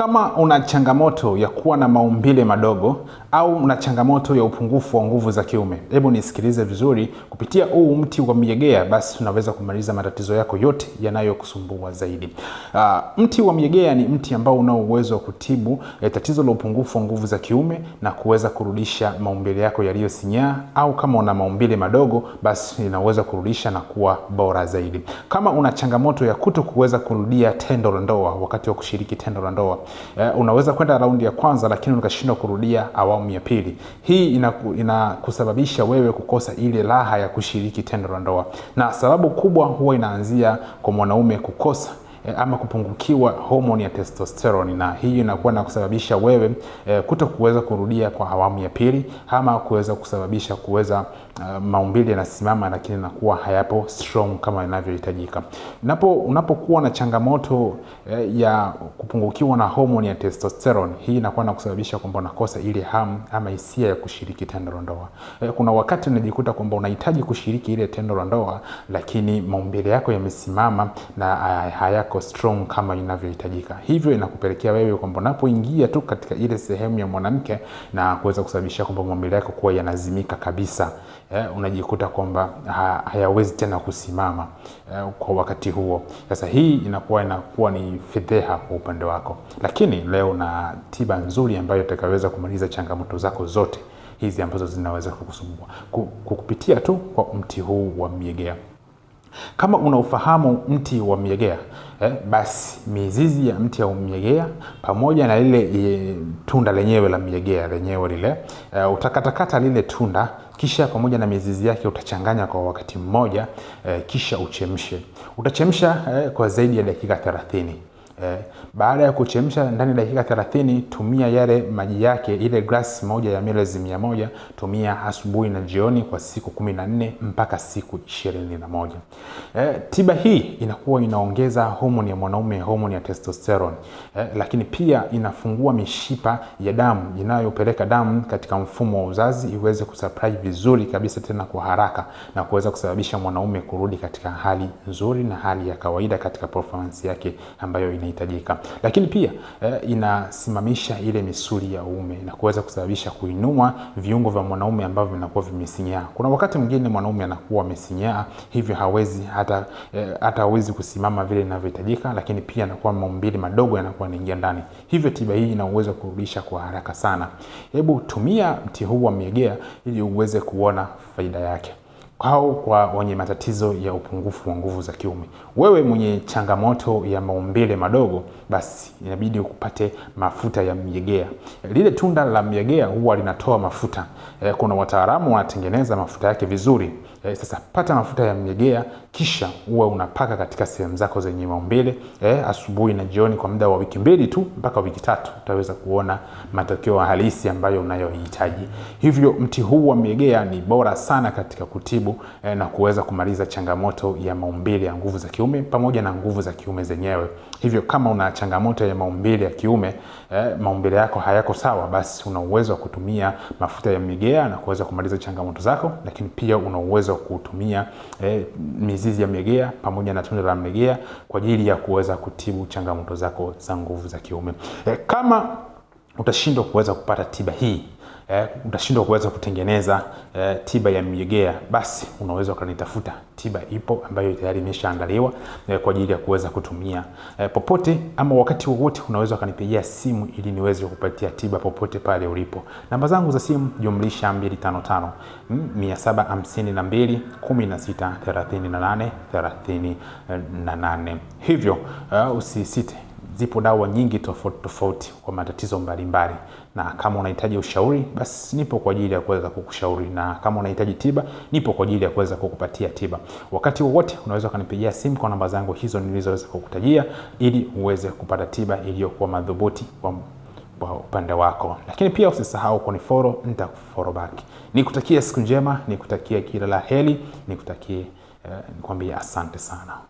Kama una changamoto ya kuwa na maumbile madogo au una changamoto ya upungufu wa nguvu za kiume, hebu nisikilize vizuri. Kupitia huu mti wa myegea, basi tunaweza kumaliza matatizo yako yote yanayokusumbua zaidi. Uh, mti wa myegea ni mti ambao una uwezo wa kutibu eh, tatizo la upungufu wa nguvu za kiume na kuweza kurudisha maumbile yako yaliyosinyaa, au kama una maumbile madogo, basi inaweza kurudisha na kuwa bora zaidi. Kama una changamoto ya kuto kuweza kurudia tendo la ndoa wakati wa kushiriki tendo la ndoa eh, unaweza kwenda raundi ya kwanza lakini ukashindwa kurudia awamu ya pili. Hii inakusababisha ina wewe kukosa ile raha ya kushiriki tendo la ndoa, na sababu kubwa huwa inaanzia kwa mwanaume kukosa Eh, ama kupungukiwa homoni ya testosterone, na hii inakuwa na kusababisha wewe e, kuto kuweza kurudia kwa awamu ya pili ama kuweza kusababisha kuweza uh, maumbile yanasimama lakini nakuwa hayapo strong kama inavyohitajika. Napo unapokuwa na changamoto e, ya kupungukiwa na homoni ya testosterone, hii inakuwa na kusababisha kwamba unakosa ile hamu ama hisia ya kushiriki tendo la ndoa. Eh, kuna wakati unajikuta kwamba unahitaji kushiriki ile tendo la ndoa, lakini maumbile yako yamesimama na haya yako strong kama inavyohitajika. Hivyo inakupelekea wewe kwamba unapoingia tu katika ile sehemu ya mwanamke na kuweza kusababisha kwamba maumbile yako kuwa yanazimika kabisa eh, unajikuta kwamba ha, hayawezi tena kusimama eh, kwa wakati huo. Sasa hii inakuwa inakuwa ni fedheha kwa upande wako, lakini leo na tiba nzuri ambayo itakaweza kumaliza changamoto zako zote hizi ambazo zinaweza kukusumbua kukupitia tu kwa mti huu wa miegea. Kama unaufahamu mti wa myegea eh, basi mizizi ya mti wa myegea pamoja na lile e, tunda lenyewe la myegea lenyewe lile e, utakatakata lile tunda kisha pamoja na mizizi yake utachanganya kwa wakati mmoja e, kisha uchemshe. Utachemsha e, kwa zaidi ya dakika 30. Eh, baada ya kuchemsha ndani dakika 30, tumia yale maji yake, ile glass moja ya mililita moja tumia asubuhi na jioni kwa siku 14 mpaka siku 21. Eh, tiba hii inakuwa inaongeza homoni ya mwanaume, homoni ya testosterone. Eh, lakini pia inafungua mishipa ya damu inayopeleka damu katika mfumo wa uzazi iweze kusupply vizuri kabisa tena kwa haraka na kuweza kusababisha mwanaume kurudi katika hali nzuri na hali ya kawaida katika performance yake ambayo ina inahitajika, lakini pia eh, inasimamisha ile misuli ya uume na kuweza kusababisha kuinua viungo vya mwanaume ambavyo vinakuwa vimesinyaa. Kuna wakati mwingine mwanaume anakuwa amesinyaa, hivyo hawezi hata eh, hata hawezi kusimama vile inavyohitajika, lakini pia anakuwa maumbile madogo yanakuwa yanaingia ndani, hivyo tiba hii ina uwezo kurudisha kwa haraka sana. Hebu tumia mti huu wa miegea ili uweze kuona faida yake au kwa wenye matatizo ya upungufu wa nguvu za kiume. Wewe mwenye changamoto ya maumbile madogo, basi inabidi ukupate mafuta ya myegea. Lile tunda la myegea huwa linatoa mafuta e, kuna wataalamu wanatengeneza mafuta yake vizuri e, sasa pata mafuta ya myegea, kisha uwe unapaka katika sehemu zako zenye maumbile e, asubuhi na jioni, kwa muda wa wiki mbili tu mpaka wiki tatu, utaweza kuona matokeo halisi ambayo unayohitaji. Hivyo mti huu wa myegea ni bora sana katika kutibu taratibu eh, na kuweza kumaliza changamoto ya maumbile ya nguvu za kiume pamoja na nguvu za kiume zenyewe. Hivyo kama una changamoto ya maumbile ya kiume eh, maumbile yako hayako sawa, basi una uwezo wa kutumia mafuta ya migea na kuweza kumaliza changamoto zako, lakini pia una uwezo wa kutumia eh, mizizi ya migea pamoja na tunda la migea kwa ajili ya kuweza kutibu changamoto zako za nguvu za kiume. Eh, kama utashindwa kuweza kupata tiba hii eh, utashindwa kuweza kutengeneza eh, tiba ya mjegea, basi unaweza ukanitafuta. Tiba ipo ambayo tayari imeshaandaliwa eh, kwa ajili ya kuweza kutumia eh, popote ama wakati wowote. Unaweza ukanipigia simu ili niweze kukupatia tiba popote pale ulipo. Namba zangu za simu jumlisha 255 752 16 38 38. Hivyo uh, usisite zipo dawa nyingi tofauti tofauti kwa matatizo mbalimbali na kama unahitaji ushauri basi nipo kwa ajili ya kuweza kukushauri na kama unahitaji tiba nipo kwa ajili ya kuweza kukupatia tiba wakati wowote unaweza ukanipigia simu kwa namba zangu hizo nilizoweza kukutajia ili uweze kupata tiba iliyokuwa madhubuti kwa upande wako lakini pia usisahau kuniforo nitakuforo back nikutakie siku njema nikutakie kila la heli nikutakie eh, nikwambie asante sana